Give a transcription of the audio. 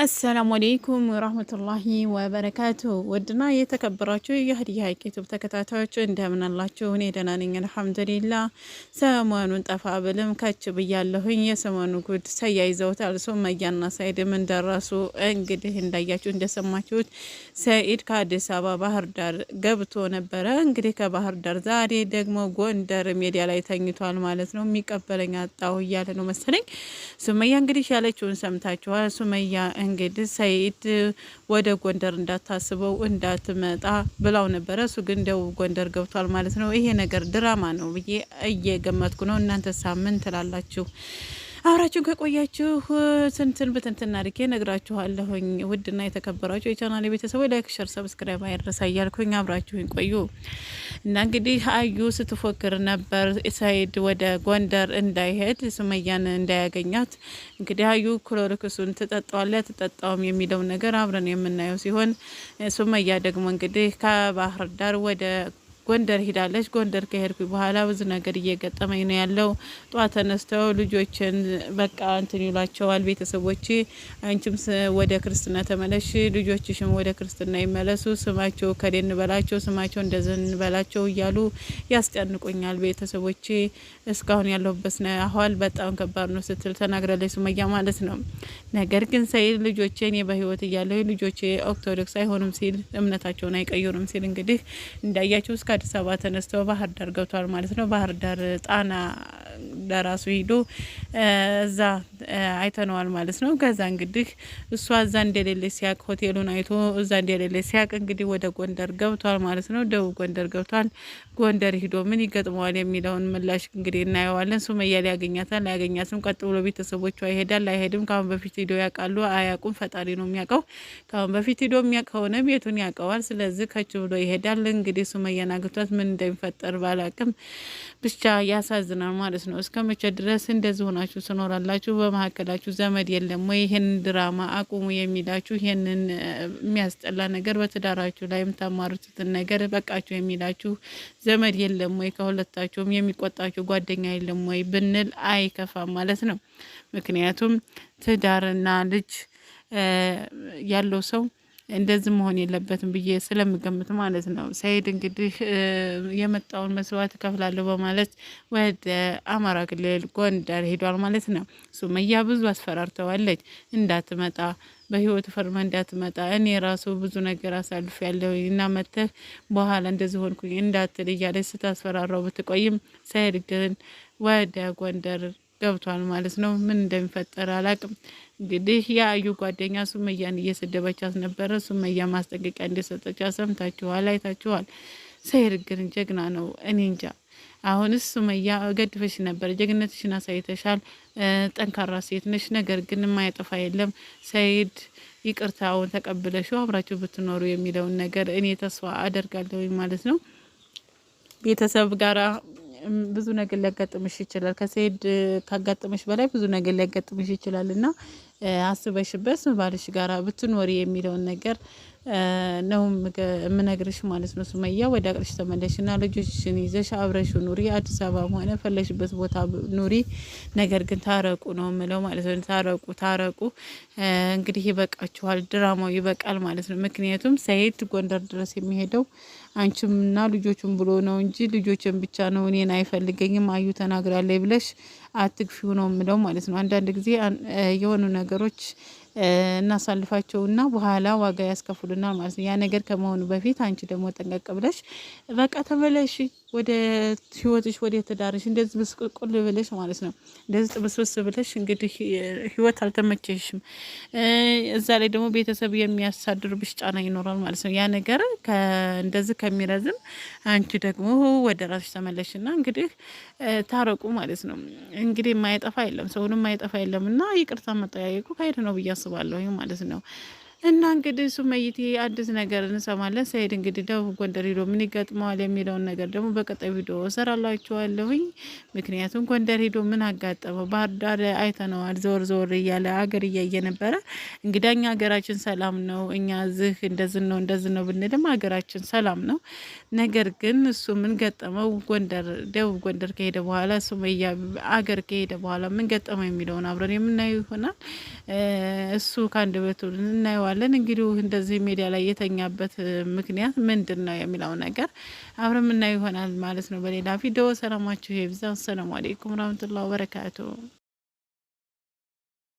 አሰላሙ አሌይኩም ወራህመቱላሂ ወበረካቱ ውድና የተከበራችሁ የሀዲያ ሀይቅ ዩቱብ ተከታታዮች እንደምን አላችሁ? እኔ ደህና ነኝ አልሐምዱሊላ። ሰሞኑን ጠፋ ብልም ከች ብያለሁኝ። የሰሞኑ ጉድ ተያይዘውታል ሱመያና ሰኢድ ምን እንግዲህ እንዳያችሁ እንደሰማችሁት ሰኢድ ከአዲስ አበባ ባህር ዳር ገብቶ ነበረ። እንግዲህ ከባህር ዳር ዛሬ ደግሞ ጎንደር ሜዲያ ላይ ተኝቷል ማለት ነው። የሚቀበለኝ አጣሁ እያለ ነው መሰለኝ። ሱመያ እንግዲህ ያለችውን ሰምታችኋል። ሱመያ እንግዲህ ሰይድ ወደ ጎንደር እንዳታስበው እንዳትመጣ ብላው ነበረ። እሱ ግን ደቡብ ጎንደር ገብቷል ማለት ነው። ይሄ ነገር ድራማ ነው ብዬ እየገመትኩ ነው። እናንተ ሳምን ትላላችሁ? አብራችሁን ከቆያችሁ ስንትን ብትንትን አድርጌ ነግራችኋለሁኝ። ውድና የተከበራችሁ የቻናል ቤተሰቦች ላይክ፣ ሸር፣ ሰብስክራይብ አይረሳ እያልኩኝ አብራችሁኝ ቆዩ እና እንግዲህ አዩ ስትፎክር ነበር ሰኢድ ወደ ጎንደር እንዳይሄድ ሱመያን እንዳያገኛት። እንግዲህ አዩ ክሎሪክሱን ትጠጣዋለ ትጠጣውም የሚለው ነገር አብረን የምናየው ሲሆን ሱመያ ደግሞ እንግዲህ ከባህር ዳር ወደ ጎንደር ሂዳለች። ጎንደር ከሄድኩ በኋላ ብዙ ነገር እየገጠመኝ ነው ያለው። ጧት ተነስተው ልጆችን በቃ እንትን ይሏቸዋል ቤተሰቦች፣ አንቺም ወደ ክርስትና ተመለሽ፣ ልጆችሽም ወደ ክርስትና ይመለሱ፣ ስማቸው ከሌ እንበላቸው፣ ስማቸው እንደዚህ እንበላቸው እያሉ ያስጨንቁኛል ቤተሰቦች። እስካሁን ያለሁበት አኋል በጣም ከባድ ነው ስትል ተናግራለች ሱመያ ማለት ነው። ነገር ግን ሰይድ ልጆቼ እኔ በህይወት እያለሁ ልጆቼ ኦርቶዶክስ አይሆኑም ሲል እምነታቸውን አይቀይሩም ሲል እንግዲህ እንዳያቸው እስከ ከአዲስ አበባ ተነስቶ ባህር ዳር ገብቷል ማለት ነው። ባህር ዳር ጣና ለራሱ ሂዶ እዛ አይተነዋል ማለት ነው። ከዛ እንግዲህ እሷ እዛ እንደሌለች ሲያቅ ሆቴሉን አይቶ እዛ እንደሌለ ሲያቅ እንግዲህ ወደ ጎንደር ገብቷል ማለት ነው። ደቡብ ጎንደር ገብቷል። ጎንደር ሂዶ ምን ይገጥመዋል የሚለውን ምላሽ እንግዲህ እናየዋለን። ሱመያ ሊያገኛታል ያገኛትም ቀጥ ብሎ ቤተሰቦቿ ይሄዳል አይሄድም፣ ካሁን በፊት ሂዶ ያውቃሉ አያውቁም፣ ፈጣሪ ነው የሚያውቀው። ካሁን በፊት ሂዶ የሚያውቅ ከሆነ ቤቱን ያውቀዋል። ስለዚህ ከች ብሎ ይሄዳል። እንግዲህ ሱመያን አግቷት ምን እንደሚፈጠር ባላቅም ብቻ ያሳዝናል ማለት ነው። እስከ መቼ ድረስ እንደዚህ ሆናችሁ ትኖራላችሁ? በመካከላችሁ ዘመድ የለም ወይ? ይህን ድራማ አቁሙ የሚላችሁ ይህንን የሚያስጠላ ነገር በትዳራችሁ ላይ የምታማርቱትን ነገር በቃችሁ የሚላችሁ ዘመድ የለም ወይ? ከሁለታችሁም የሚቆጣችሁ ጓደኛ የለም ወይ ብንል አይከፋም ማለት ነው። ምክንያቱም ትዳርና ልጅ ያለው ሰው እንደዚህ መሆን የለበትም ብዬ ስለምገምት ማለት ነው። ሰይድ እንግዲህ የመጣውን መስዋዕት እከፍላለሁ በማለት ወደ አማራ ክልል ጎንደር ሄዷል ማለት ነው። ሱመያ ብዙ አስፈራርተዋለች። እንዳትመጣ በህይወት ፈርማ እንዳትመጣ እኔ ራሱ ብዙ ነገር አሳልፍ ያለው እና መተህ በኋላ እንደዚህ ሆንኩኝ እንዳትል እያለች ስታስፈራራው ብትቆይም ሰኢድ ግን ወደ ጎንደር ገብቷል ማለት ነው። ምን እንደሚፈጠር አላቅም። እንግዲህ አዩ ጓደኛ ሱመያን እየሰደበቻት ነበረ። ሱመያ ማስጠንቀቂያ እንደሰጠቻት ሰምታችኋል፣ አይታችኋል። ሰይድ ግን ጀግና ነው። እኔ እንጃ። አሁንስ ሱመያ ገድፈሽ ነበር፣ ጀግነትሽን አሳይተሻል። ጠንካራ ሴት ነሽ። ነገር ግን የማያጠፋ የለም ሰይድ ይቅርታውን ተቀብለሽው አብራችሁ ብትኖሩ የሚለውን ነገር እኔ ተስፋ አደርጋለሁ ማለት ነው ቤተሰብ ጋራ ብዙ ነገር ሊያጋጥምሽ ይችላል። ከሰኢድ ካጋጠመሽ በላይ ብዙ ነገር ሊያጋጥምሽ ይችላል እና አስበሽበት ባልሽ ጋራ ብትኖሪ የሚለውን ነገር ነው የምነግርሽ ማለት ነው። ሱመያ ወደ አቅርሽ ተመለሽ እና ልጆችሽን ይዘሽ አብረሽ ኑሪ። አዲስ አበባ ሆነ ፈለሽበት ቦታ ኑሪ። ነገር ግን ታረቁ ነው ምለው ማለት ነው። ታረቁ ታረቁ። እንግዲህ ይበቃችኋል፣ ድራማው ይበቃል ማለት ነው። ምክንያቱም ሰይድ ጎንደር ድረስ የሚሄደው አንቺም ና ልጆቹን ብሎ ነው እንጂ ልጆችን ብቻ ነው እኔን አይፈልገኝም አዩ ተናግራለች ብለሽ አትግፊው ነው ምለው ማለት ነው። አንዳንድ ጊዜ የሆኑ ነገሮች እናሳልፋቸውና በኋላ ዋጋ ያስከፍሉናል ማለት ነው። ያ ነገር ከመሆኑ በፊት አንቺ ደግሞ ጠንቀቅ ብለሽ በቃ ተመለሽ ወደ ህይወትሽ፣ ወደ ትዳርሽ እንደዚህ ብስቁልቁል ብለሽ ማለት ነው። እንደዚህ ጥብስብስ ብለሽ እንግዲህ ህይወት አልተመቸሽም፣ እዛ ላይ ደግሞ ቤተሰብ የሚያሳድርብሽ ጫና ይኖራል ማለት ነው። ያ ነገር እንደዚህ ከሚረዝም አንቺ ደግሞ ወደ ራስሽ ተመለሽና እንግዲህ ታረቁ ማለት ነው። እንግዲህ ማይጠፋ የለም ሰውንም የማይጠፋ የለም እና ይቅርታ መጠያየቁ ካሄድ ነው ብያስ አስባለሁ ማለት ነው። እና እንግዲህ ሱመይት አዲስ ነገር እንሰማለን። ሰኢድ እንግዲህ ደቡብ ጎንደር ሂዶ ምን ይገጥመዋል የሚለውን ነገር ደግሞ በቀጣይ ቪዲዮ እሰራላችኋለሁኝ። ምክንያቱም ጎንደር ሂዶ ምን አጋጠመው፣ ባህር ዳር አይተነዋል፣ ዞር ዞር እያለ አገር እያየ ነበረ። እንግዲህ እኛ ሀገራችን ሰላም ነው፣ እኛ ዝህ እንደዝን ነው እንደዝን ነው ብንልም ሀገራችን ሰላም ነው። ነገር ግን እሱ ምን ገጠመው፣ ጎንደር ደቡብ ጎንደር ከሄደ በኋላ ሱመያ አገር ከሄደ በኋላ ምን ገጠመው የሚለውን አብረን የምናየው ይሆናል። እሱ ከአንድ በቱ እናየዋል እናየዋለን። እንግዲህ እንደዚህ ሜዲያ ላይ የተኛበት ምክንያት ምንድን ነው የሚለው ነገር አብረን የምናየው ይሆናል ማለት ነው። በሌላ ቪዲዮ ሰላማችሁ ይብዛ። ሰላሙ አሌይኩም ረህመቱላሂ ወበረካቱ